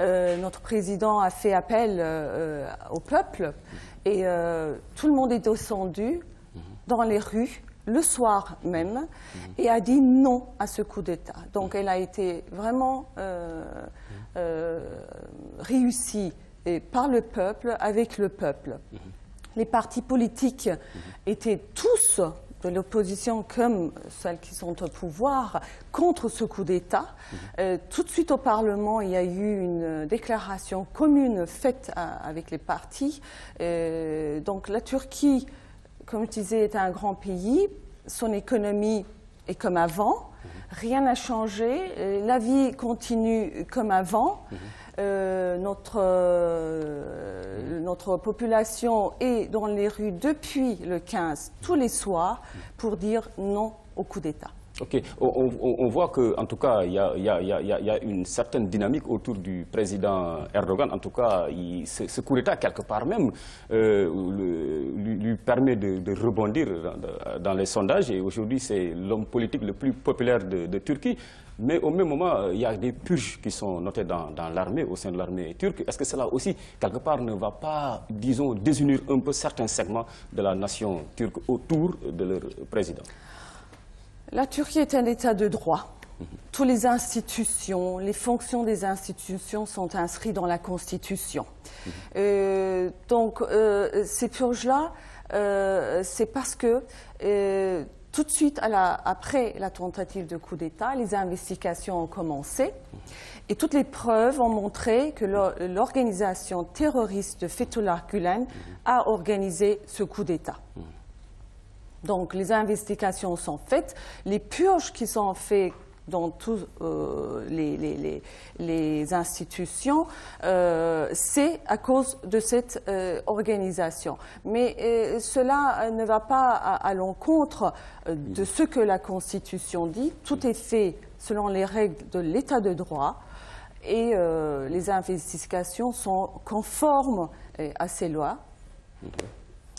Euh, notre président a fait appel euh, euh, au peuple et tout le monde est descendu mhm. dans les rues le soir même mhm. et a dit non à ce coup d'État. Donc mhm. elle a été vraiment réussie et par le peuple, avec le peuple. Les partis politiques étaient tous de l'opposition comme celles qui sont au pouvoir contre ce coup d'État. Mhm. Euh, tout de suite au Parlement, il y a eu une déclaration commune faite avec les partis. Euh, donc la Turquie, comme je disais, est un grand pays. Son économie est comme avant rien n'a changé, euh, la vie continue comme avant. Mhm. Euh, notre, euh, notre population est dans les rues depuis le 15 tous les soirs mhm. pour dire non au coup d'État. Ok. On, voit que, en tout cas, il y, a une certaine dynamique autour du président Erdogan. En tout cas, il, ce, coup d'État, quelque part même, euh, lui, permet de, rebondir dans, les sondages. Et aujourd'hui, c'est l'homme politique le plus populaire de, Turquie. Mais au même moment, il y a des purges qui sont notées dans, dans l'armée, au sein de l'armée turque. Est-ce que cela aussi, quelque part, ne va pas, disons, désunir un peu certains segments de la nation turque autour de leur président la Turquie est un État de droit. Toutes les institutions, les fonctions des institutions sont inscrites dans la Constitution. Euh, donc, euh, ces purges-là, euh, c'est parce que tout de suite après la tentative de coup d'État, les investigations ont commencé et toutes les preuves ont montré que l'organisation terroriste de Fethullah Gulen a organisé ce coup d'État. Donc les investigations sont faites, les purges qui sont faites dans toutes euh, les, institutions, euh, c'est à cause de cette euh, organisation. Mais cela ne va pas à, l'encontre de ce que la Constitution dit. Tout est fait selon les règles de l'état de droit et les investigations sont conformes à ces lois.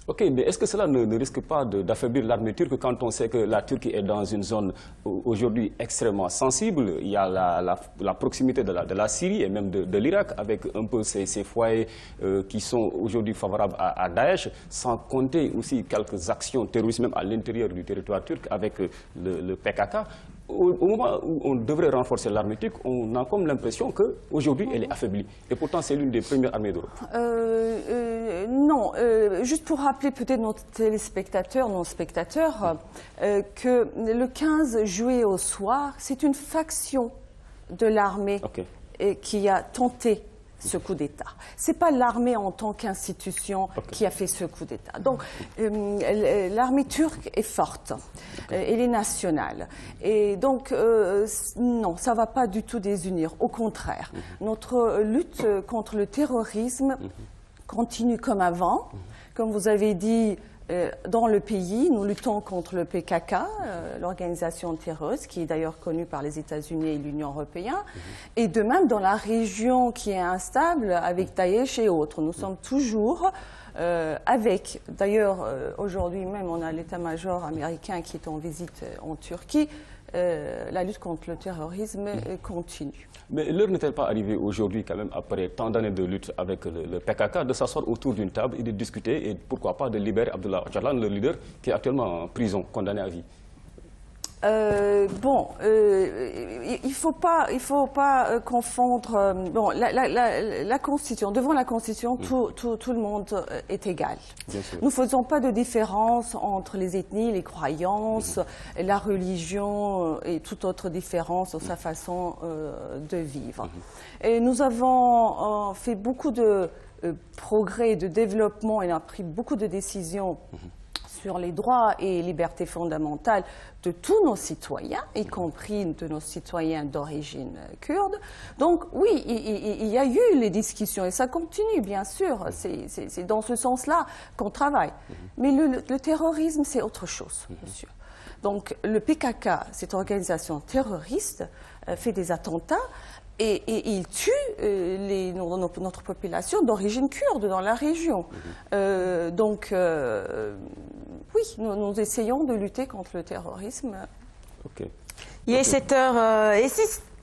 Ok, mais est-ce que cela ne, risque pas d'affaiblir l'armée turque quand on sait que la Turquie est dans une zone aujourd'hui extrêmement sensible Il y a la, proximité de la, Syrie et même de, l'Irak avec un peu ces, foyers euh, qui sont aujourd'hui favorables à, Daesh, sans compter aussi quelques actions terroristes même à l'intérieur du territoire turc avec euh, le PKK au, moment où on devrait renforcer l'armée turque, on a comme l'impression qu'aujourd'hui, elle est affaiblie. Et pourtant, c'est l'une des premières armées d'Europe. Euh, euh, non, euh, juste pour rappeler peut-être nos téléspectateurs, nos spectateurs, que le 15 juillet au soir, c'est une faction de l'armée qui a tenté ce coup d'État. Ce n'est pas l'armée en tant qu'institution qui a fait ce coup d'État. Donc euh, l'armée turque est forte, euh, elle est nationale, et donc euh, non, ça ne va pas du tout désunir. Au contraire, mhm. notre lutte contre le terrorisme mhm. continue comme avant, mhm. comme vous avez dit. Euh, dans le pays, nous luttons contre le PKK, euh, l'organisation terroriste, qui est d'ailleurs connue par les États-Unis et l'Union européenne, mhm. et de même dans la région qui est instable avec Daesh et autres. Nous mhm. sommes toujours euh, avec. D'ailleurs, euh, aujourd'hui même, on a l'état-major américain qui est en visite en Turquie. Euh, la lutte contre le terrorisme mm. euh, continue. Mais l'heure n'est-elle pas arrivée aujourd'hui, quand même, après tant d'années de lutte avec le, PKK, de s'asseoir autour d'une table et de discuter et pourquoi pas de libérer Abdullah Ocalan, le leader qui est actuellement en prison, condamné à vie euh, bon, euh, il ne faut pas, il faut pas euh, confondre. bon, la, la, Constitution, devant la Constitution, mm. tout, le monde est égal. Nous ne faisons pas de différence entre les ethnies, les croyances, mm. la religion et toute autre différence dans sa mm. façon de vivre. Mm-hmm. Et nous avons fait beaucoup de progrès, de développement et on a pris beaucoup de décisions mm-hmm sur les droits et libertés fondamentales de tous nos citoyens, y compris de nos citoyens d'origine kurde. Donc oui, il y a eu les discussions et ça continue, bien sûr. C'est dans ce sens-là qu'on travaille. Mhm. Mais le, terrorisme, c'est autre chose, monsieur. Mhm. Donc le PKK, cette organisation terroriste, euh, fait des attentats et, il tue euh, notre population d'origine kurde dans la région. Mhm. Euh, donc, oui, nous, essayons de lutter contre le terrorisme. Il est 7h06 euh,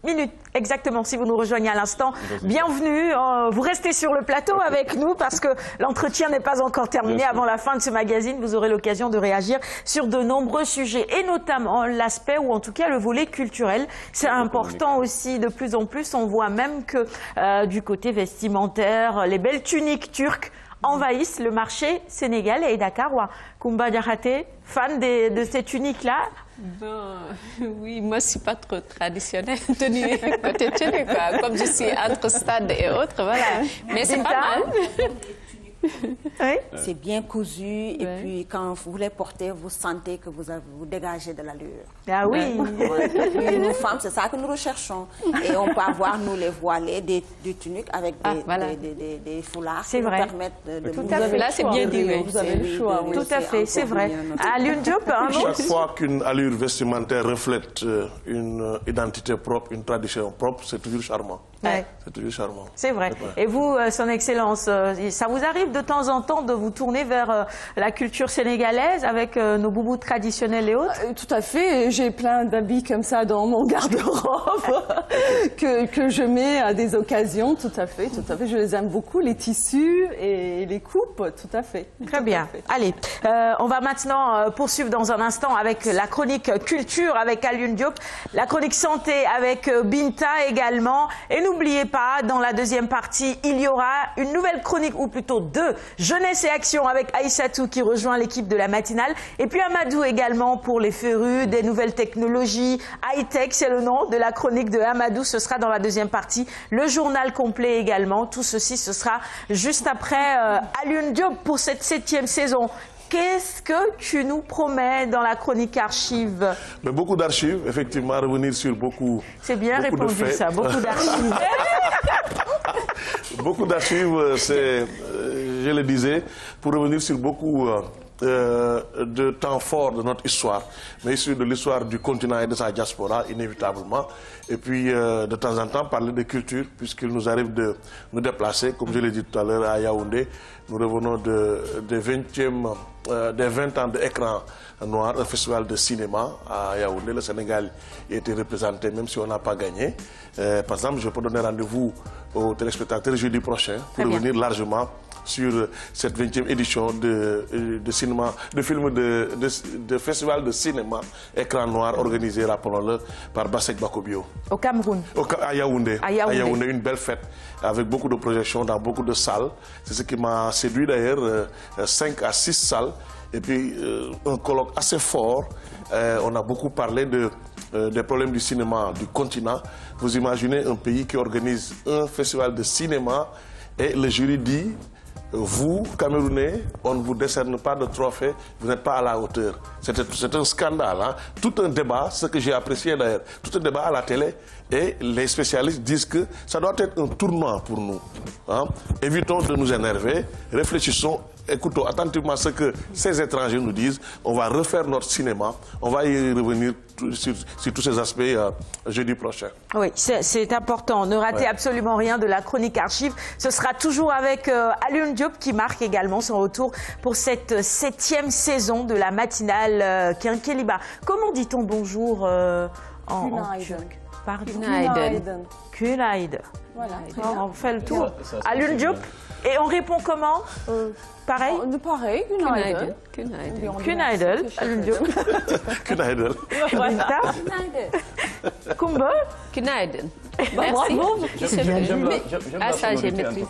minutes exactement si vous nous rejoignez à l'instant. Bienvenue, euh, vous restez sur le plateau avec nous parce que l'entretien n'est pas encore terminé. Avant la fin de ce magazine, vous aurez l'occasion de réagir sur de nombreux sujets et notamment l'aspect ou en tout cas le volet culturel. C'est important aussi de plus en plus. On voit même que euh, du côté vestimentaire, les belles tuniques turques envahissent le marché sénégalais et dakarois. Kumba Diarate, fan de, de cette unique-là Ben oui, moi, je ne suis pas trop traditionnelle, tenue Comme je suis entre stade et autres, voilà. Mais c'est pas mal. Euh, c'est bien cousu et puis quand vous les portez, vous sentez que vous avez, vous dégagez de l'allure. Ah oui. oui. nous femmes, c'est ça que nous recherchons. Et on peut avoir nous les voilés, des, des tuniques avec ah, des, foulards qui vrai. permettent de. Tout à fait. Là, c'est bien dit. Vous avez le choix. Tout à fait, c'est vrai. Alune Diop, un Chaque fois qu'une allure vestimentaire reflète euh, une euh, identité propre, une tradition propre, c'est toujours charmant. C'est charmant. C'est vrai. Et vous, euh, Son Excellence, euh, ça vous arrive de temps en temps de vous tourner vers euh, la culture sénégalaise avec nos boubous traditionnels et autres Tout à fait. J'ai plein d'habits comme ça dans mon garde-robe que, je mets à des occasions. Tout à fait, tout à fait. Je les aime beaucoup, les tissus et les coupes, tout à fait. Très bien. Allez, on va maintenant poursuivre dans un instant avec la chronique culture avec Alune Diop, la chronique santé avec Binta également. Et nous n'oubliez pas, dans la deuxième partie, il y aura une nouvelle chronique, ou plutôt deux, Jeunesse et Action avec Aïssatou qui rejoint l'équipe de la matinale. Et puis Amadou également pour les férus, des nouvelles technologies, high-tech, c'est le nom de la chronique de Amadou. Ce sera dans la deuxième partie. Le journal complet également. Tout ceci, ce sera juste après euh, Alun pour cette septième saison Qu'est-ce que tu nous promets dans la chronique archive Beaucoup d'archives, effectivement, revenir sur beaucoup. C'est bien répondu ça, beaucoup d'archives. beaucoup d'archives, euh, euh, je le disais, pour revenir sur beaucoup euh, de temps forts de notre histoire, mais sur de l'histoire du continent et de sa diaspora, inévitablement. Et puis, de temps en temps, parler de culture, puisqu'il nous arrive de nous déplacer, comme je l'ai dit tout à l'heure, à Yaoundé. Nous revenons de, de 20e euh, des 20 ans d'écran noir, un festival de cinéma à Yaoundé. Le Sénégal était représenté, même si on n'a pas gagné. Euh, par exemple, je peux donner rendez-vous aux téléspectateurs jeudi prochain pour revenir largement sur cette 20e édition euh, de, cinéma, de film de, festival de cinéma écran noir organisé, rappelons-le, par Bassek Bakobio. Au Cameroun. à, Yaoundé. à, Yaoundé. une belle fête avec beaucoup de projections dans beaucoup de salles. C'est ce qui m'a séduit d'ailleurs, 5 à 6 salles et puis euh, un colloque assez fort. Euh, on a beaucoup parlé de, euh, des problèmes du cinéma du continent. Vous imaginez un pays qui organise un festival de cinéma et le jury dit vous, Camerounais, on ne vous décerne pas de trophée, vous n'êtes pas à la hauteur. C'est un scandale, hein? tout un débat, ce que j'ai apprécié d'ailleurs, tout un débat à la télé, et les spécialistes disent que ça doit être un tournant pour nous. Hein. Évitons de nous énerver, réfléchissons écoutons attentivement ce que ces étrangers nous disent. On va refaire notre cinéma. On va y revenir sur, tous ces aspects euh, jeudi prochain. Oui, c'est important. Ne ratez absolument rien de la chronique archive. Ce sera toujours avec euh, Alun Diop qui marque également son retour pour cette septième saison de la matinale euh, Comment dit-on bonjour euh, en par Günaydın. Voilà. on fait le tour à l'Uljoup. Et on répond comment pareil euh, Pareil de Pareil, Günaydın. Günaydın. Günaydın. Günaydın. Günaydın. Kumba Günaydın. Merci. Ah, ça, j'ai maîtrisé.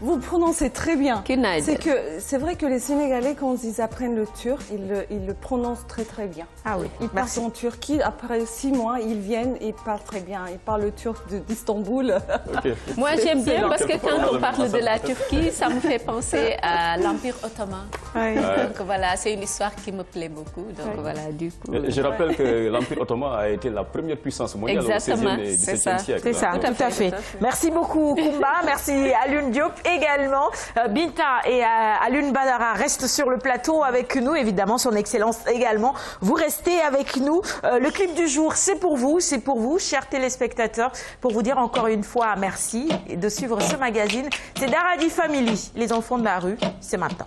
Vous prononcez très bien. C'est que c'est vrai que les Sénégalais, quand ils apprennent le turc, ils le, ils le prononcent très très bien. Ah oui. Ils Merci. partent en Turquie, après six mois, ils viennent il parle très bien. Il parle le turc d'Istanbul. Moi, j'aime bien parce que quand on parle de la Turquie, ça me fait penser à l'Empire ottoman. Donc voilà, c'est une histoire qui me plaît beaucoup. Donc voilà, du coup. Je rappelle que l'Empire ottoman a été la première puissance mondiale au 16e et 17e siècle. C'est ça, tout, à fait. tout à fait. Merci beaucoup, Kumba. Merci, Alun Diop également. Euh, Binta et euh, Alun Badara restent sur le plateau avec nous, évidemment, son excellence également. Vous restez avec nous. Euh, le clip du jour, c'est pour vous c'est pour vous, chers téléspectateurs, pour vous dire encore une fois merci de suivre ce magazine. C'est Daradi Family, les enfants de la rue, c'est maintenant.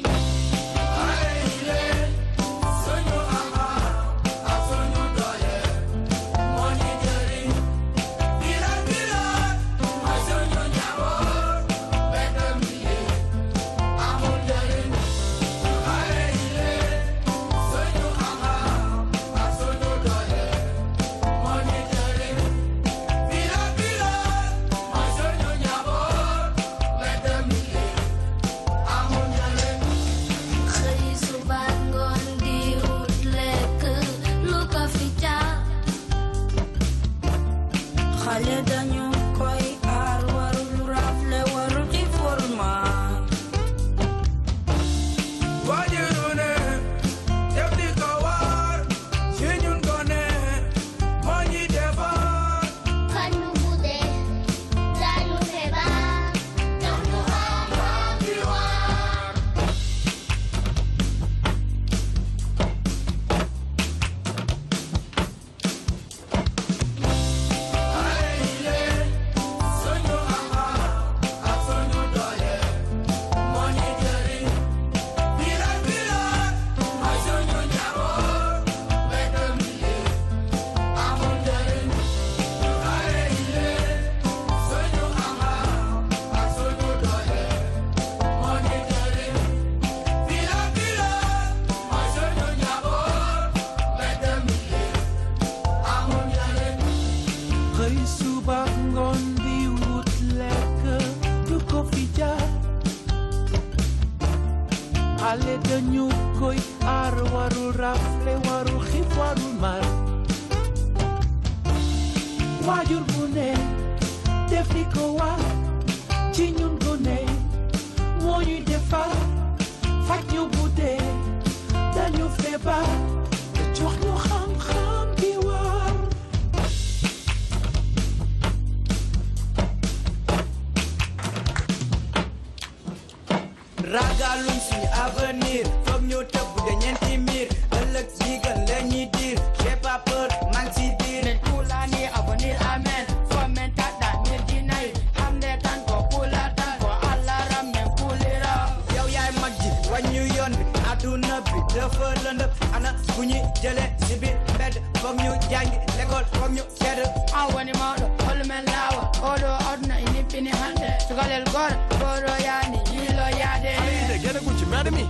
l'école comme yo kere awani mawɗo holmen laawa oɗo aduna e nippini hande cukalel goto goɗo yani yiilo yaade alide gueɗe kucci meɗe mi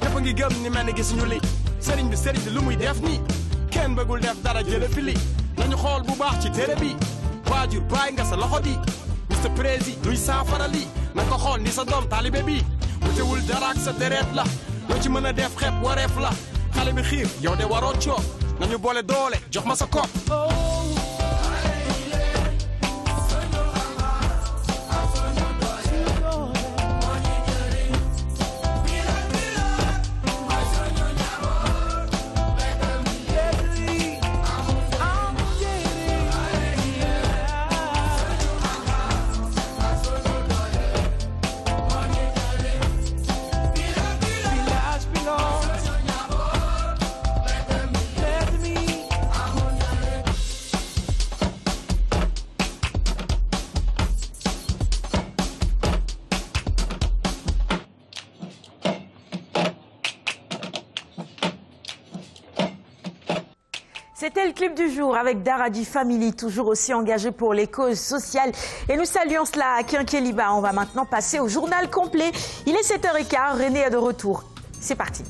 defangui gamni mene gis ñuli sëriñ bi sëriñ bi lu muy def ni kenn bëggul def dara jële fili nañu xool bu baax ci télé bi waajur bàyyi nga sa loxo bi Mr Prési luy saafara li na ko xool ni sa doom taalibe bi wutewul dara ak sa deret la loo ci mën a def xeeb wareef la xale bi xiir yow de waroo coob nañu boole doole jox ma sa kopp du jour avec Daradi Family, toujours aussi engagée pour les causes sociales. Et nous saluons cela à Kinkeliba. On va maintenant passer au journal complet. Il est 7h15, René est de retour. C'est parti.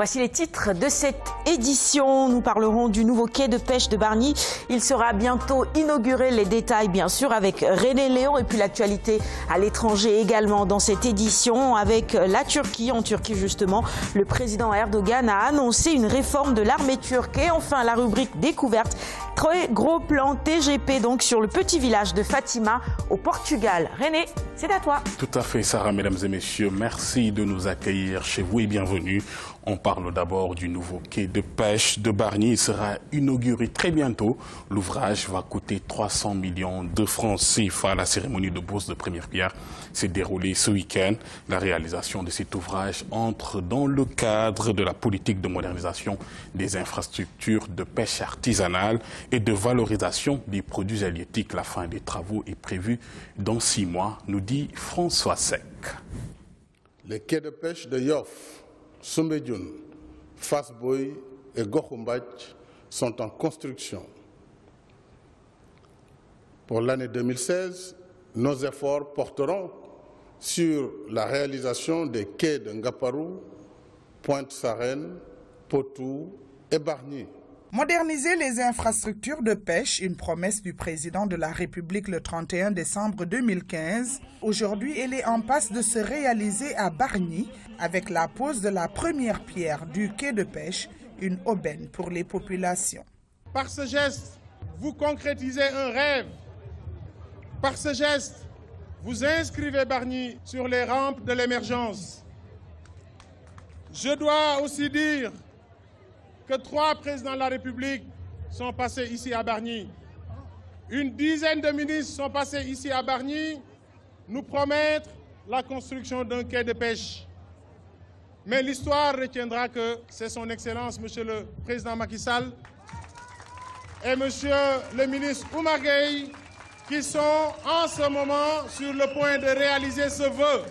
Voici les titres de cette édition. Nous parlerons du nouveau quai de pêche de Barny. Il sera bientôt inauguré. Les détails, bien sûr, avec René Léon et puis l'actualité à l'étranger également dans cette édition avec la Turquie. En Turquie, justement, le président Erdogan a annoncé une réforme de l'armée turque. Et enfin, la rubrique découverte. Très gros plan TGP donc sur le petit village de Fatima au Portugal. René, c'est à toi. Tout à fait, Sarah, mesdames et messieurs. Merci de nous accueillir chez vous et bienvenue. On parle d'abord du nouveau quai de pêche de Barnier. Il sera inauguré très bientôt. L'ouvrage va coûter 300 millions de francs CFA. La cérémonie de bourse de première pierre s'est déroulée ce week-end. La réalisation de cet ouvrage entre dans le cadre de la politique de modernisation des infrastructures de pêche artisanale et de valorisation des produits halieutiques. La fin des travaux est prévue dans six mois, nous dit François Sec. Le quai de pêche de Yoff Sumbedjoun, Fasboy et Gokhumbach sont en construction. Pour l'année 2016, nos efforts porteront sur la réalisation des quais de Ngaparou, Pointe-Sarène, Potou et Barnier. Moderniser les infrastructures de pêche, une promesse du président de la République le 31 décembre 2015. Aujourd'hui, elle est en passe de se réaliser à Bargny avec la pose de la première pierre du quai de pêche, une aubaine pour les populations. Par ce geste, vous concrétisez un rêve. Par ce geste, vous inscrivez Barni sur les rampes de l'émergence. Je dois aussi dire trois présidents de la République sont passés ici à Bargny. Une dizaine de ministres sont passés ici à Bargny nous promettre la construction d'un quai de pêche. Mais l'histoire retiendra que c'est son Excellence, Monsieur le Président Macky Sall et Monsieur le ministre Oumar qui sont en ce moment sur le point de réaliser ce vœu.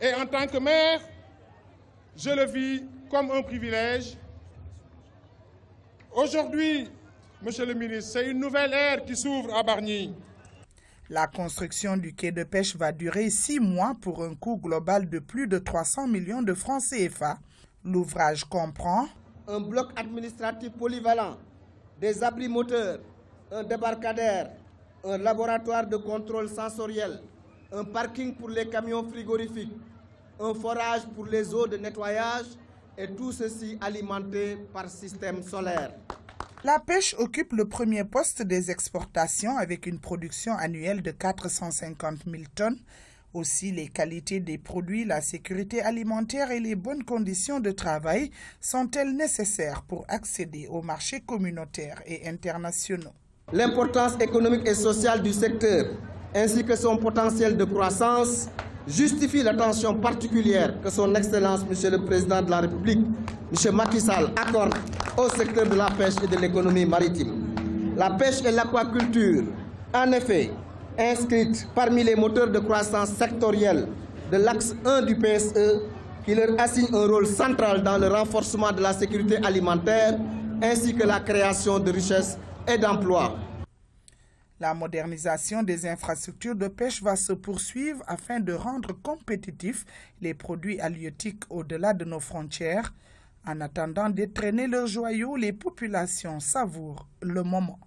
Et en tant que maire, je le vis comme un privilège. Aujourd'hui, Monsieur le ministre, c'est une nouvelle ère qui s'ouvre à Barnier. La construction du quai de pêche va durer six mois pour un coût global de plus de 300 millions de francs CFA. L'ouvrage comprend un bloc administratif polyvalent, des abris moteurs, un débarcadère, un laboratoire de contrôle sensoriel, un parking pour les camions frigorifiques, un forage pour les eaux de nettoyage, et tout ceci alimenté par système solaire. La pêche occupe le premier poste des exportations avec une production annuelle de 450 000 tonnes. Aussi, les qualités des produits, la sécurité alimentaire et les bonnes conditions de travail sont-elles nécessaires pour accéder aux marchés communautaires et internationaux L'importance économique et sociale du secteur, ainsi que son potentiel de croissance, justifie l'attention particulière que son Excellence, Monsieur le Président de la République, Monsieur Macky Sall, accorde au secteur de la pêche et de l'économie maritime. La pêche et l'aquaculture, en effet, inscrites parmi les moteurs de croissance sectorielle de l'axe 1 du PSE, qui leur assigne un rôle central dans le renforcement de la sécurité alimentaire ainsi que la création de richesses et d'emplois. La modernisation des infrastructures de pêche va se poursuivre afin de rendre compétitifs les produits halieutiques au-delà de nos frontières. En attendant d'étraîner leurs joyaux, les populations savourent le moment.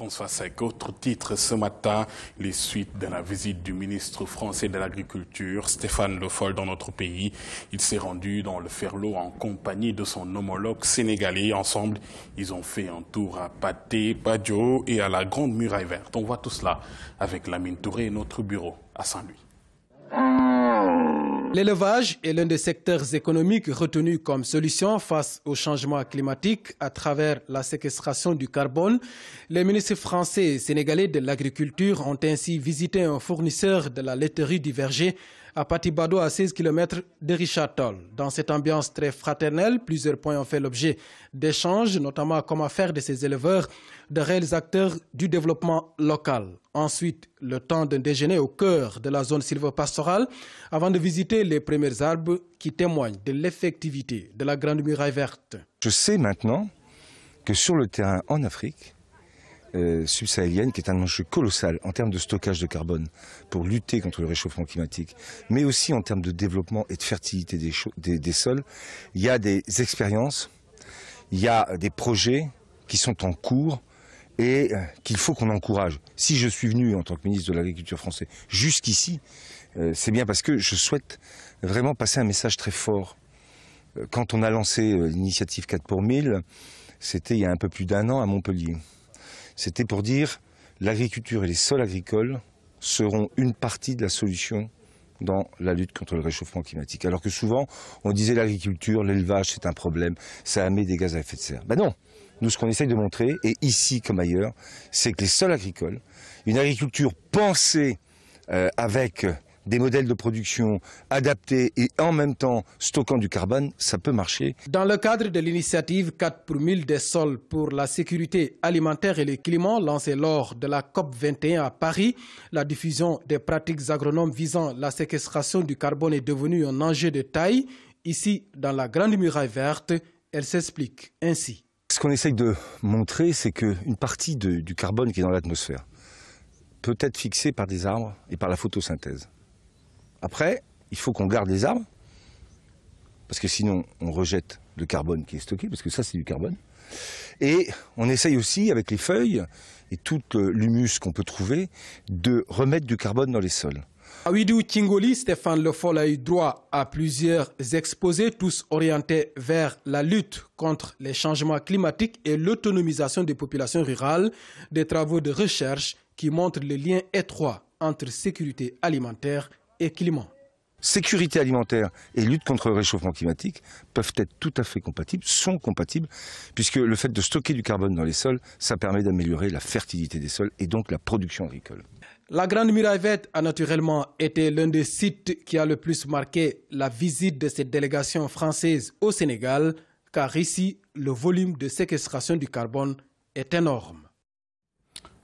François Sec. Autre titre ce matin, les suites de la visite du ministre français de l'Agriculture, Stéphane Le Foll, dans notre pays. Il s'est rendu dans le Ferlo en compagnie de son homologue sénégalais. Ensemble, ils ont fait un tour à Pâté, Padio et à la Grande Muraille Verte. On voit tout cela avec Lamine Touré et notre bureau à Saint-Louis. L'élevage est l'un des secteurs économiques retenus comme solution face au changement climatique à travers la séquestration du carbone. Les ministres français et sénégalais de l'agriculture ont ainsi visité un fournisseur de la laiterie du Verger à Patibado, à 16 km de Richatol. Dans cette ambiance très fraternelle, plusieurs points ont fait l'objet d'échanges, notamment comment faire de ces éleveurs de réels acteurs du développement local. Ensuite, le temps d'un déjeuner au cœur de la zone silvopastorale avant de visiter les premiers arbres qui témoignent de l'effectivité de la Grande Muraille Verte. Je sais maintenant que sur le terrain en Afrique, euh, subsahélienne, qui est un enjeu colossal en termes de stockage de carbone pour lutter contre le réchauffement climatique, mais aussi en termes de développement et de fertilité des, sols. Il y a des expériences, il y a des projets qui sont en cours et euh, qu'il faut qu'on encourage. Si je suis venu en tant que ministre de l'Agriculture français jusqu'ici, euh, c'est bien parce que je souhaite vraiment passer un message très fort. Quand on a lancé l'initiative 4 pour 1000, c'était il y a un peu plus d'un an à Montpellier. C'était pour dire l'agriculture et les sols agricoles seront une partie de la solution dans la lutte contre le réchauffement climatique. Alors que souvent, on disait l'agriculture, l'élevage, c'est un problème, ça émet des gaz à effet de serre. Ben non, nous ce qu'on essaye de montrer, et ici comme ailleurs, c'est que les sols agricoles, une agriculture pensée euh, avec des modèles de production adaptés et en même temps stockant du carbone, ça peut marcher. Dans le cadre de l'initiative 4 pour 1000 des sols pour la sécurité alimentaire et le climat lancée lors de la COP 21 à Paris, la diffusion des pratiques agronomes visant la séquestration du carbone est devenue un enjeu de taille. Ici, dans la Grande Muraille Verte, elle s'explique ainsi. Ce qu'on essaye de montrer, c'est qu'une partie du carbone qui est dans l'atmosphère peut être fixée par des arbres et par la photosynthèse. Après, il faut qu'on garde les arbres, parce que sinon on rejette le carbone qui est stocké, parce que ça c'est du carbone. Et on essaye aussi, avec les feuilles et tout euh, l'humus qu'on peut trouver, de remettre du carbone dans les sols. Widou Tingoli, Stéphane Le Foll a eu droit à plusieurs exposés, tous orientés vers la lutte contre les changements climatiques et l'autonomisation des populations rurales, des travaux de recherche qui montrent le lien étroit entre sécurité alimentaire et Sécurité alimentaire et lutte contre le réchauffement climatique peuvent être tout à fait compatibles, sont compatibles, puisque le fait de stocker du carbone dans les sols, ça permet d'améliorer la fertilité des sols et donc la production agricole. La Grande Muraille a naturellement été l'un des sites qui a le plus marqué la visite de cette délégation française au Sénégal, car ici, le volume de séquestration du carbone est énorme.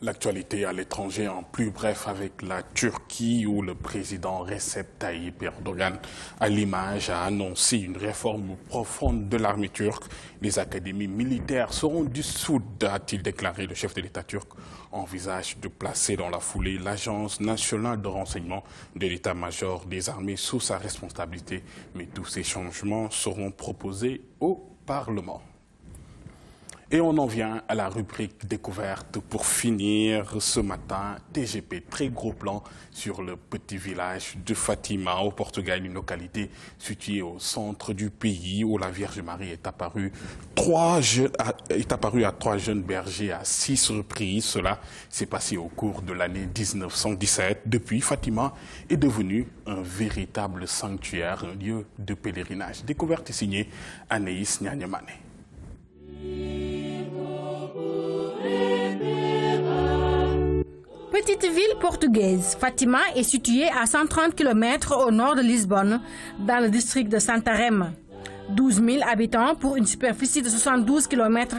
L'actualité à l'étranger en plus bref avec la Turquie où le président Recep Tayyip Erdogan, à l'image, a annoncé une réforme profonde de l'armée turque. Les académies militaires seront dissoutes, a-t-il déclaré. Le chef de l'État turc envisage de placer dans la foulée l'Agence nationale de renseignement de l'État-major des armées sous sa responsabilité. Mais tous ces changements seront proposés au Parlement. Et on en vient à la rubrique découverte pour finir ce matin. TGP, très gros plan sur le petit village de Fatima au Portugal, une localité située au centre du pays où la Vierge Marie est apparue, à trois jeunes bergers à six reprises. Cela s'est passé au cours de l'année 1917. Depuis, Fatima est devenue un véritable sanctuaire, un lieu de pèlerinage. Découverte signée Anaïs Nyanyamane. petite ville portugaise, Fatima est située à 130 km au nord de Lisbonne, dans le district de Santarém. 12 000 habitants pour une superficie de 72 km.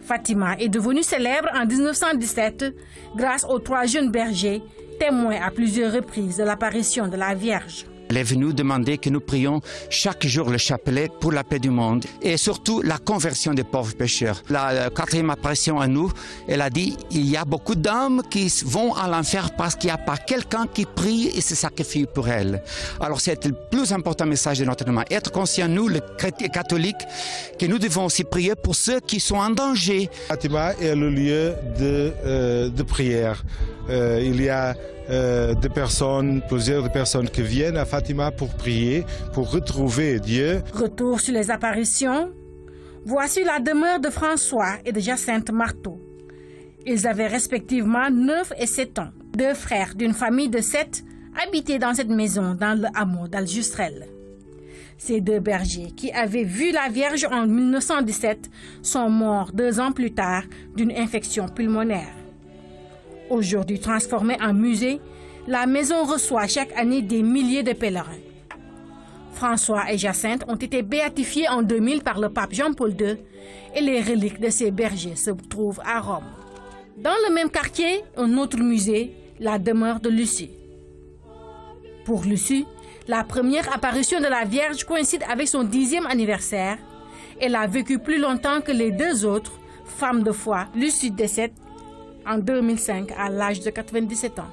Fatima est devenue célèbre en 1917 grâce aux trois jeunes bergers, témoins à plusieurs reprises de l'apparition de la Vierge. Elle est venue demander que nous prions chaque jour le chapelet pour la paix du monde et surtout la conversion des pauvres pécheurs. La euh, quatrième apparition à nous, elle a dit, il y a beaucoup d'âmes qui vont à l'enfer parce qu'il n'y a pas quelqu'un qui prie et se sacrifie pour elles. Alors c'est le plus important message de notre nom. Être conscient, nous, les chrétiens catholiques, que nous devons aussi prier pour ceux qui sont en danger. Fatima est le lieu de, euh, prière. Euh, il y a euh, des personnes, plusieurs personnes qui viennent à Fatima pour prier, pour retrouver Dieu. Retour sur les apparitions. Voici la demeure de François et de Jacinthe Marteau. Ils avaient respectivement 9 et 7 ans. Deux frères d'une famille de 7 habitaient dans cette maison dans le hameau d'Aljustrel. Ces deux bergers, qui avaient vu la Vierge en 1917, sont morts deux ans plus tard d'une infection pulmonaire aujourd'hui transformée en musée, la maison reçoit chaque année des milliers de pèlerins. François et Jacinthe ont été béatifiés en 2000 par le pape Jean-Paul II et les reliques de ces bergers se trouvent à Rome. Dans le même quartier, un autre musée, la demeure de Lucie. Pour Lucie, la première apparition de la Vierge coïncide avec son dixième anniversaire. Elle a vécu plus longtemps que les deux autres, femmes de foi. Lucie décède en 2005 à l'âge de 97 ans.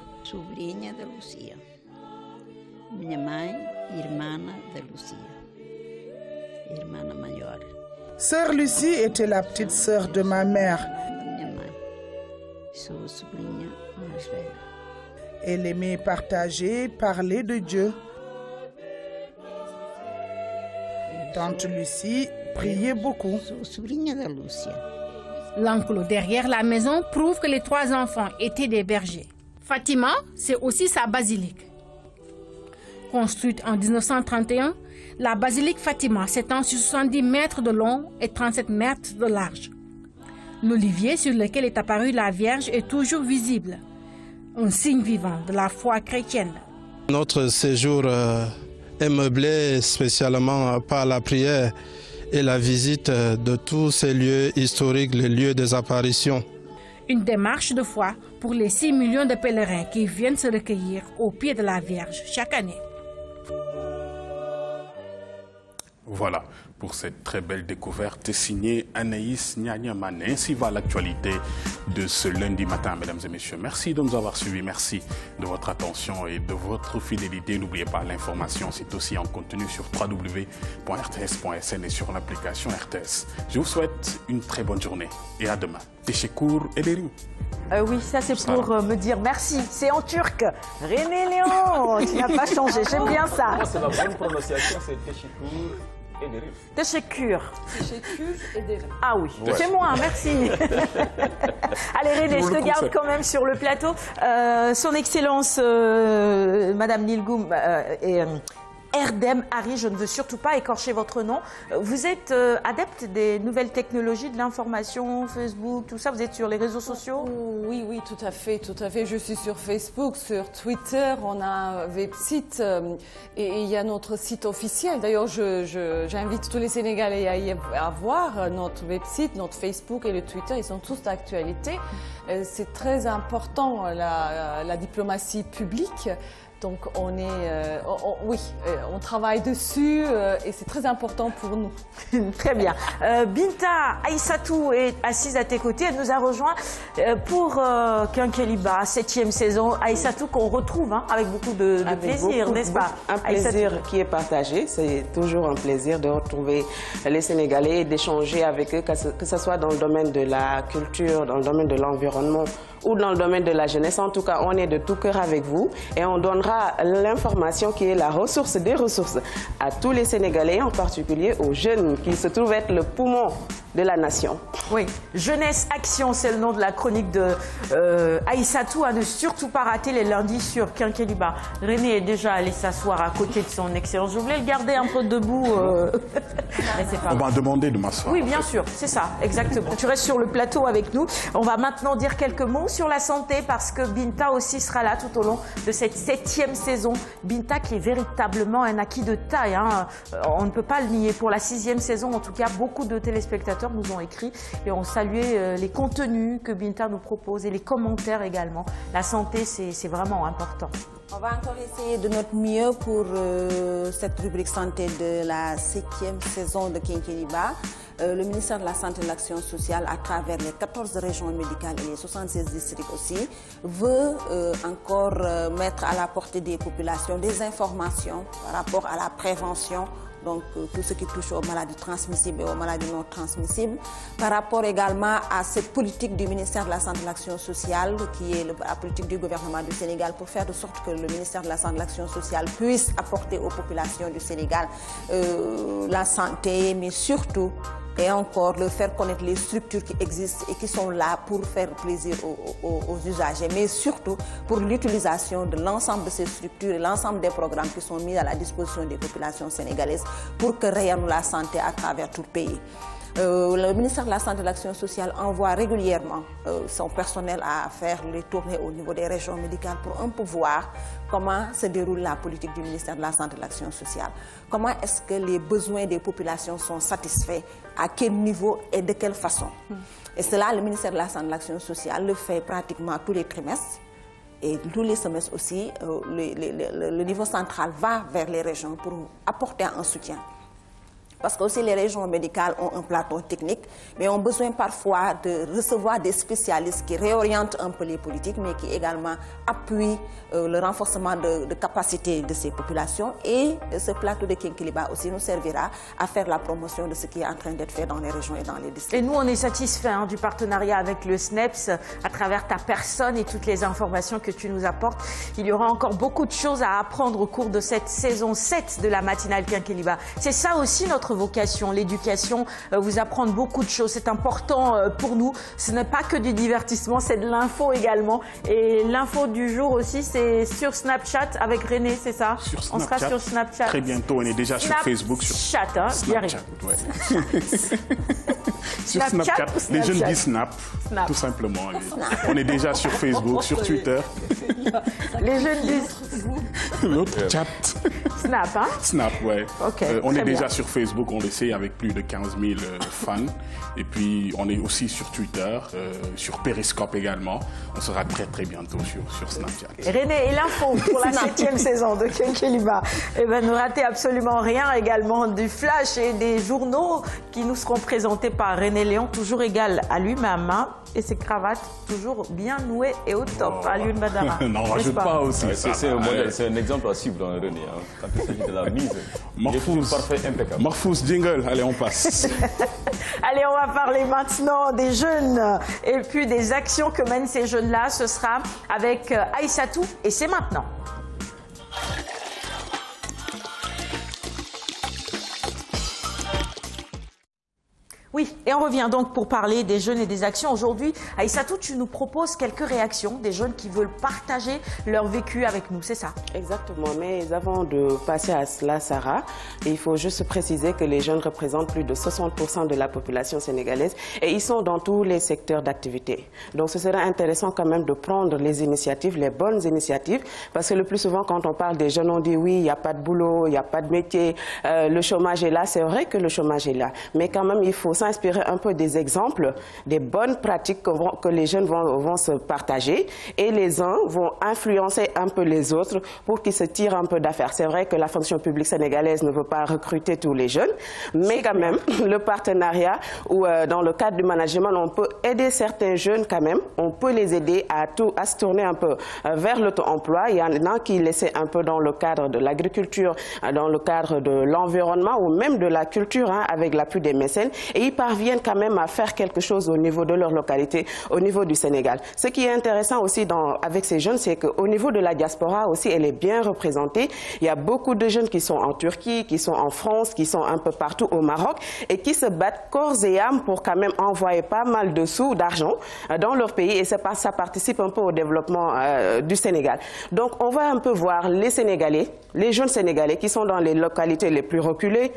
Sœur Lucie était la petite sœur de ma mère. Elle aimait partager, parler de Dieu. Tante Lucie priait beaucoup. de L'enclos derrière la maison prouve que les trois enfants étaient des bergers. Fatima, c'est aussi sa basilique. Construite en 1931, la basilique Fatima s'étend sur 70 mètres de long et 37 mètres de large. L'olivier sur lequel est apparue la Vierge est toujours visible, un signe vivant de la foi chrétienne. Notre séjour euh, est meublé spécialement par la prière et la visite euh, de tous ces lieux historiques, les lieux des apparitions. Une démarche de foi pour les 6 millions de pèlerins qui viennent se recueillir au pied de la Vierge chaque année. Voilà pour cette très belle découverte signée Anaïs Nyanyaman. Ainsi va l'actualité de ce lundi matin, mesdames et messieurs. Merci de nous avoir suivis, merci de votre attention et de votre fidélité. N'oubliez pas, l'information, c'est aussi en contenu sur www.rts.sn et sur l'application RTS. Je vous souhaite une très bonne journée et à demain. Et chez euh, oui, ça c'est pour euh, me dire merci. C'est en turc. René Léon, tu n'as pas changé. J'aime bien ça. C'est la bonne prononciation, c'est Teşekkür. De chez Cure. Ah oui, chez moi, hein, merci. Allez René, je te garde quand même sur le plateau. Euh, son Excellence, euh, Madame Nilgoum euh, et Erdem Harry, je ne veux surtout pas écorcher votre nom. Euh, vous êtes euh, adepte des nouvelles technologies de l'information, Facebook, tout ça Vous êtes sur les réseaux sociaux oh, Oui, oui, tout à fait, tout à fait. Je suis sur Facebook, sur Twitter, on a un website euh, et, il y a notre site officiel. D'ailleurs, j'invite tous les Sénégalais à, y, avoir voir notre website, notre Facebook et le Twitter. Ils sont tous d'actualité. C'est très important, la, la diplomatie publique. Donc on est, euh, oui, euh, on travaille dessus euh, et c'est très important pour nous. très bien. Binta Aïssatou est assise à tes côtés. Elle nous a rejoint pour euh, 7 septième saison. Aïssatou qu'on retrouve hein, avec beaucoup de, plaisir, n'est-ce pas Un plaisir qui est partagé. C'est toujours un plaisir de retrouver les Sénégalais et d'échanger avec eux, que ce soit dans le domaine de la culture, dans le domaine de l'environnement, ou dans le domaine de la jeunesse. En tout cas, on est de tout cœur avec vous et on donnera l'information qui est la ressource des ressources à tous les Sénégalais, en particulier aux jeunes qui se trouvent être le poumon de la nation. Oui, Jeunesse Action, c'est le nom de la chronique de euh, à ne surtout pas rater les lundis sur Quinqueliba. René est déjà allé s'asseoir à côté de son excellence. Je voulais le garder un peu debout. Euh. On va demander de m'asseoir. Oui, bien sûr, c'est ça, exactement. tu restes sur le plateau avec nous. On va maintenant dire quelques mots sur la santé parce que Binta aussi sera là tout au long de cette septième saison. Binta qui est véritablement un acquis de taille. Hein. Euh, on ne peut pas le nier. Pour la sixième saison, en tout cas, beaucoup de téléspectateurs nous ont écrit et ont salué euh, les contenus que Binta nous propose et les commentaires également. La santé, c'est vraiment important. On va encore essayer de notre mieux pour euh, cette rubrique santé de la septième saison de Kinkiniba. Euh, le ministère de la Santé et de l'Action sociale, à travers les 14 régions médicales et les 76 districts aussi, veut encore mettre à la portée des populations des informations par rapport à la prévention donc tout euh, ce qui touche aux maladies transmissibles et aux maladies non transmissibles. Par rapport également à cette politique du ministère de la Santé et de l'Action sociale, qui est la politique du gouvernement du Sénégal, pour faire de sorte que le ministère de la Santé et de l'Action sociale puisse apporter aux populations du Sénégal euh, la santé, mais surtout et encore le faire connaître les structures qui existent et qui sont là pour faire plaisir aux, usagers, mais surtout pour l'utilisation de l'ensemble de ces structures et l'ensemble des programmes qui sont mis à la disposition des populations sénégalaises pour que rayonne la santé à travers tout le pays. Euh, le ministère de la Santé et de l'Action sociale envoie régulièrement euh, son personnel à faire les tournées au niveau des régions médicales pour un pouvoir comment se déroule la politique du ministère de la Santé et de l'Action sociale Comment est-ce que les besoins des populations sont satisfaits À quel niveau et de quelle façon hmm. Et cela, le ministère de la Santé et de l'Action sociale le fait pratiquement tous les trimestres. Et tous les semestres aussi, euh, le niveau central va vers les régions pour apporter un soutien. Parce que aussi les régions médicales ont un plateau technique, mais ont besoin parfois de recevoir des spécialistes qui réorientent un peu les politiques, mais qui également appuient euh, le renforcement de, capacités de ces populations. Et ce plateau de Kinkiliba aussi nous servira à faire la promotion de ce qui est en train d'être fait dans les régions et dans les districts. Et nous, on est satisfait hein, du partenariat avec le SNEPS e à travers ta personne et toutes les informations que tu nous apportes. Il y aura encore beaucoup de choses à apprendre au cours de cette saison 7 de la matinale Kinkiliba. C'est ça aussi notre vocation, l'éducation, euh, vous apprendre beaucoup de choses. C'est important euh, pour nous. Ce n'est pas que du divertissement, c'est de l'info également. Et l'info du jour aussi, c'est sur Snapchat avec René, c'est ça On sera sur Snapchat. Très bientôt, on est déjà sur Facebook. Sur... Chat, hein, Snapchat, ouais. sur Snapchat, les jeunes disent Snap, tout simplement. On est déjà sur Facebook, sur Twitter. les jeunes disent... Snapchat. Snap, hein Snap, ouais. Euh, on est déjà sur Facebook qu'on on avec plus de 15 000 euh, fans. Et puis, on est aussi sur Twitter, euh, sur Periscope également. On sera très, très bientôt sur, sur Snapchat. René, et l'info pour la septième saison de Kenkeliba Eh bien, ne ratez absolument rien également du Flash et des journaux qui nous seront présentés par René Léon, toujours égal à lui-même et ses cravates toujours bien nouées et au top. Oh. Alioune bah, Badara. N'en rajoute pas, pas aussi. Ah, c'est un exemple à suivre René. Hein. Quand il s'agit de la mise, Marfous. parfait, impeccable. Marfous, jingle. Allez, on passe. Allez, on va parler maintenant des jeunes et puis des actions que mènent ces jeunes-là. Ce sera avec euh, Aïssatou et c'est maintenant. Oui, et on revient donc pour parler des jeunes et des actions. Aujourd'hui, Aïssatou, tu nous proposes quelques réactions des jeunes qui veulent partager leur vécu avec nous, c'est ça Exactement, mais avant de passer à cela, Sarah, il faut juste préciser que les jeunes représentent plus de 60% de la population sénégalaise et ils sont dans tous les secteurs d'activité. Donc ce sera intéressant quand même de prendre les initiatives, les bonnes initiatives, parce que le plus souvent quand on parle des jeunes, on dit oui, il n'y a pas de boulot, il n'y a pas de métier, euh, le chômage est là. C'est vrai que le chômage est là, mais quand même il faut inspirer un peu des exemples, des bonnes pratiques que, que les jeunes vont, vont, se partager et les uns vont influencer un peu les autres pour qu'ils se tirent un peu d'affaires. C'est vrai que la fonction publique sénégalaise ne veut pas recruter tous les jeunes, mais quand même, le partenariat ou euh, dans le cadre du management, on peut aider certains jeunes quand même, on peut les aider à, tout, à se tourner un peu euh, vers l'auto-emploi. Il y en a qui laissaient un peu dans le cadre de l'agriculture, euh, dans le cadre de l'environnement ou même de la culture hein, avec l'appui des mécènes. Et ils parviennent quand même à faire quelque chose au niveau de leur localité, au niveau du Sénégal. Ce qui est intéressant aussi avec ces jeunes, c'est qu'au niveau de la diaspora aussi, elle est bien représentée. Il y a beaucoup de jeunes qui sont en Turquie, qui sont en France, qui sont un peu partout au Maroc et qui se battent corps et âme pour quand même envoyer pas mal de sous, d'argent euh, dans leur pays et ça, ça participe un peu au développement euh, du Sénégal. Donc on va un peu voir les Sénégalais, les jeunes Sénégalais qui sont dans les localités les plus reculées,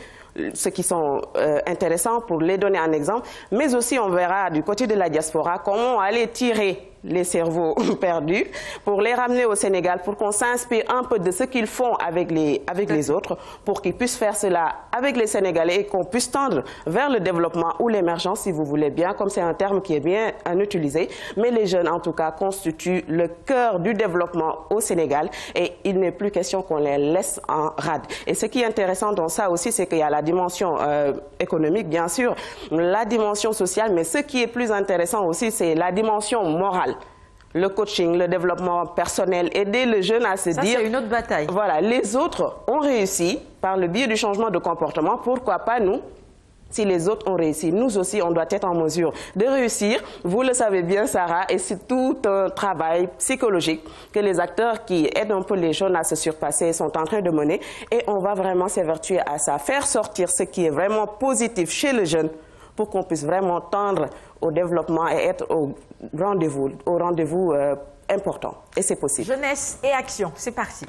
ce qui sont euh, intéressants pour les donner un exemple, mais aussi on verra du côté de la diaspora comment aller tirer les cerveaux perdus, pour les ramener au Sénégal, pour qu'on s'inspire un peu de ce qu'ils font avec les, autres, pour qu'ils puissent faire cela avec les Sénégalais et qu'on puisse tendre vers le développement ou l'émergence, si vous voulez bien, comme c'est un terme qui est bien à utiliser. Mais les jeunes, en tout cas, constituent le cœur du développement au Sénégal et il n'est plus question qu'on les laisse en rade. Et ce qui est intéressant dans ça aussi, c'est qu'il y a la dimension euh, économique, bien sûr, la dimension sociale, mais ce qui est plus intéressant aussi, c'est la dimension morale le coaching, le développement personnel, aider le jeune à se Ça, dire... c'est une autre bataille. Voilà, les autres ont réussi par le biais du changement de comportement, pourquoi pas nous si les autres ont réussi. Nous aussi, on doit être en mesure de réussir. Vous le savez bien, Sarah, et c'est tout un travail psychologique que les acteurs qui aident un peu les jeunes à se surpasser sont en train de mener. Et on va vraiment s'évertuer à ça, faire sortir ce qui est vraiment positif chez le jeune pour qu'on puisse vraiment tendre au développement et être au rendez-vous, au rendez-vous euh, important. Et c'est possible. Jeunesse et action, c'est parti.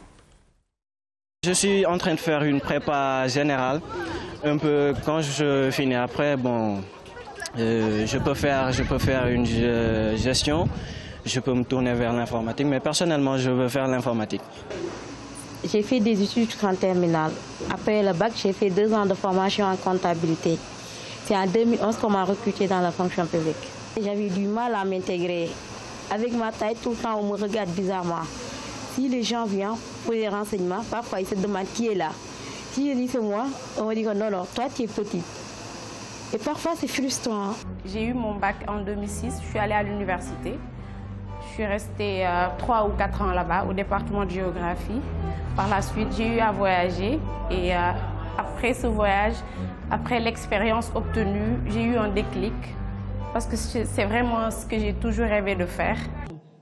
Je suis en train de faire une prépa générale. Un peu, quand je finis après, bon, euh, je, peux faire, je peux faire une gestion, je peux me tourner vers l'informatique, mais personnellement, je veux faire l'informatique. J'ai fait des études en terminale. Après le bac, j'ai fait deux ans de formation en comptabilité. C'est en 2011 qu'on m'a recruté dans la fonction publique. J'avais du mal à m'intégrer. Avec ma taille, tout le temps, on me regarde bizarrement. Si les gens viennent pour des renseignements, parfois ils se demandent qui est là. Si je dis c'est moi, on me dit que non, non, toi tu es petite. Et parfois c'est frustrant. Hein. J'ai eu mon bac en 2006, je suis allée à l'université. Je suis restée euh, trois ou quatre ans là-bas au département de géographie. Par la suite, j'ai eu à voyager et euh, après ce voyage, après l'expérience obtenue, j'ai eu un déclic parce que c'est vraiment ce que j'ai toujours rêvé de faire.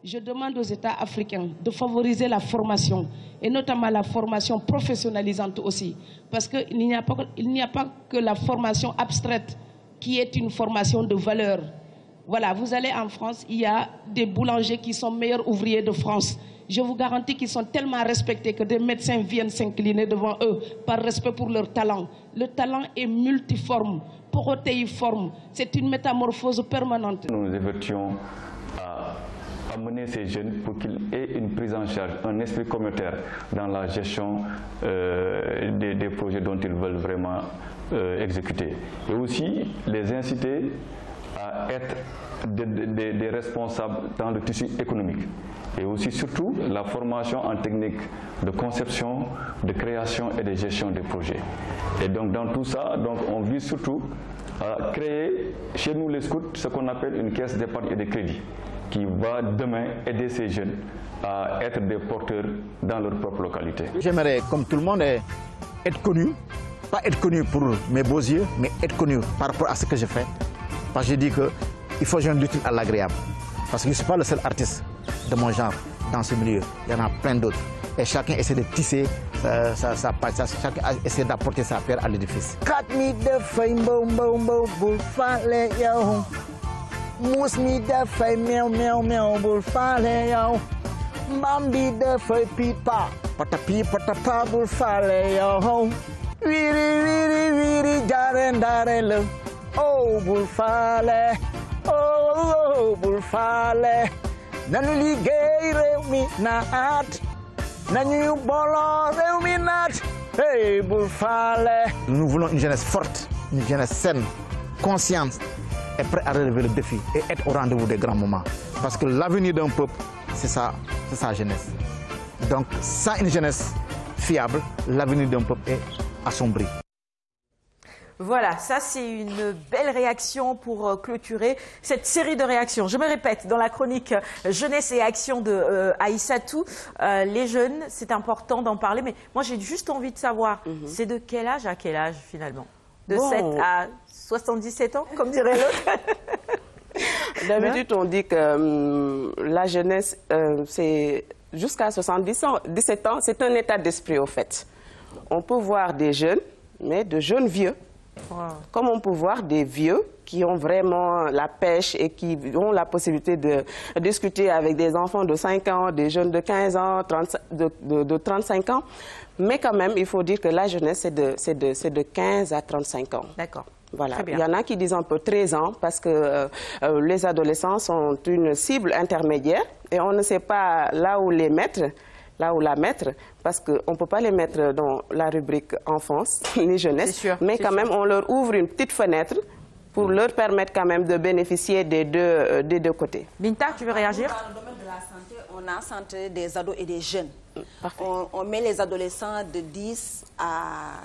Je demande aux États africains de favoriser la formation, et notamment la formation professionnalisante aussi, parce qu'il n'y a, pas, il n'y a pas que la formation abstraite qui est une formation de valeur. Voilà, vous allez en France, il y a des boulangers qui sont meilleurs ouvriers de France. Je vous garantis qu'ils sont tellement respectés que des médecins viennent s'incliner devant eux par respect pour leur talent. Le talent est multiforme protéiforme. C'est une métamorphose permanente. Nous nous à amener ces jeunes pour qu'ils aient une prise en charge, un esprit communautaire dans la gestion euh, des, projets dont ils veulent vraiment euh, exécuter. Et aussi les inciter être des, responsables dans le tissu économique et aussi surtout la formation en technique de conception, de création et de gestion des projets. Et donc dans tout ça, on vise surtout à créer chez nous les scouts ce qu'on appelle une caisse d'épargne et de crédit qui va demain aider ces jeunes à être des porteurs dans leur propre localité. J'aimerais, comme tout le monde, être connu, pas être connu pour mes beaux yeux, mais être connu par rapport à ce que je fais parce que je dis qu'il faut joindre l'utile à l'agréable. Parce que je ne suis pas le seul artiste de mon genre dans ce milieu. Il y en a plein d'autres. Et chacun essaie de tisser euh, sa, sa, ça, sa chacun essaie d'apporter sa pierre à l'édifice. muus de dafay meew meew meew bul pipa Patapi, patapa, pata pa bul faale yow wiri wiri wiri oh oh nous voulons une jeunesse forte une jeunesse saine consciente et prête à relever le défi et être au rendez-vous des grands moments parce que l'avenir d'un peuple c'est ça c'est sa jeunesse donc sans une jeunesse fiable l'avenir d'un peuple est assombri. Voilà, ça c'est une belle réaction pour euh, clôturer cette série de réactions. Je me répète, dans la chronique euh, Jeunesse et Action de euh, Aïssatou, les jeunes, c'est important d'en parler, mais moi j'ai juste envie de savoir, mhm. c'est de quel âge à quel âge finalement De 7 à 77 ans, comme dirait l'autre D'habitude, on dit que hum, la jeunesse, c'est jusqu'à 77 ans, c'est un état d'esprit au fait. On peut voir des jeunes, mais de jeunes vieux comme on peut voir des vieux qui ont vraiment la pêche et qui ont la possibilité de discuter avec des enfants de 5 ans, des jeunes de 15 ans, de, de, de, 35 ans. Mais quand même, il faut dire que la jeunesse, c'est de, de 15 à 35 ans. D'accord. Voilà. Il y en a qui disent un peu 13 ans parce que euh, euh, les adolescents sont une cible intermédiaire et on ne sait pas là où les mettre là où la mettre, parce qu'on ne peut pas les mettre dans la rubrique enfance ni jeunesse, mais quand même on leur ouvre une petite fenêtre pour leur permettre quand même de bénéficier des deux, euh, des deux côtés. Binta, tu veux réagir Dans le domaine de la santé, on a santé des ados et des jeunes. On, on, met les adolescents de 10 à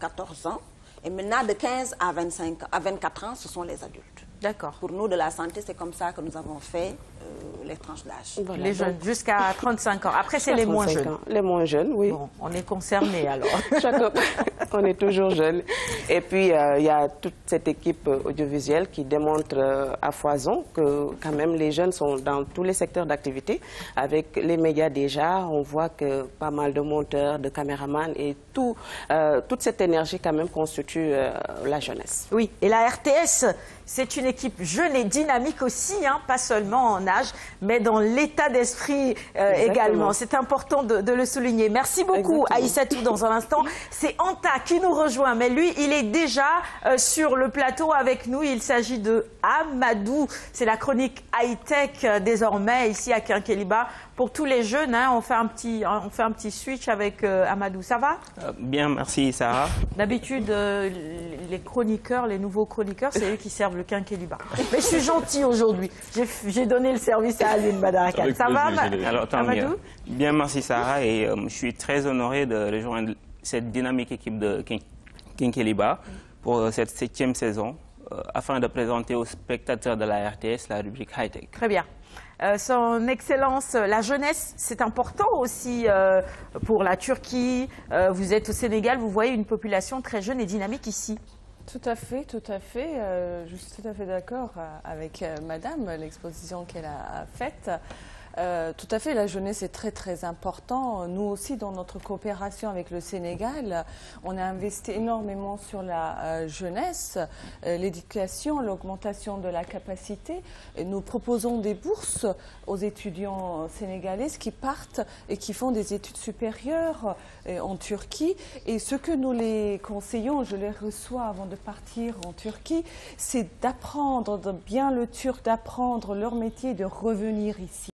14 euh, ans et maintenant de 15 à, 25, à 24 ans, ce sont les adultes. D'accord. Pour nous, de la santé, c'est comme ça que nous avons fait euh, les tranches d'âge. les jeunes, jusqu'à 35 ans. Après, c'est les moins jeunes. Les moins jeunes, oui. Bon, on est concernés alors. on est toujours jeunes. Et puis, euh, il y a toute cette équipe euh, audiovisuelle qui démontre à foison que quand même les jeunes sont dans tous les secteurs d'activité. Avec les médias déjà, on voit que pas mal de monteurs, de caméramans et tout, toute cette énergie quand même constitue la jeunesse. Oui, et la RTS, c'est une équipe jeune et dynamique aussi, hein, pas seulement en mais dans l'état d'esprit euh, également. C'est important de, le souligner. Merci beaucoup, Aïssatou, dans un instant. C'est Anta qui nous rejoint, mais lui, il est déjà euh, sur le plateau avec nous. Il s'agit de Amadou. C'est la chronique high-tech euh, désormais, ici à quinqueliba Pour tous les jeunes, hein, on, fait un petit, on fait un petit switch avec Amadou. Ça va Bien, merci, Sarah. D'habitude, les chroniqueurs, les nouveaux chroniqueurs, c'est eux qui servent le Kinkeliba. Mais je suis gentil aujourd'hui. J'ai donné le service à Aline Ça va, Alors, Bien, merci Sarah. Et euh, je suis très honoré de rejoindre cette dynamique équipe de Kinkeliba pour euh, cette septième saison euh, afin de présenter aux spectateurs de la RTS la rubrique high-tech. Très bien. son Excellence, la jeunesse, c'est important aussi pour la Turquie. vous êtes au Sénégal, vous voyez une population très jeune et dynamique ici. Tout à fait, tout à fait. Euh, je suis tout à fait d'accord euh, avec euh, Madame, l'exposition qu'elle a faite. Euh, tout à fait, la jeunesse est très très important. Nous aussi, dans notre coopération avec le Sénégal, on a investi énormément sur la euh, jeunesse, euh, l'éducation, l'augmentation de la capacité. nous proposons des bourses aux étudiants sénégalais qui partent et qui font des études supérieures en Turquie. Et ce que nous les conseillons, je les reçois avant de partir en Turquie, c'est d'apprendre bien le turc, d'apprendre leur métier, de revenir ici.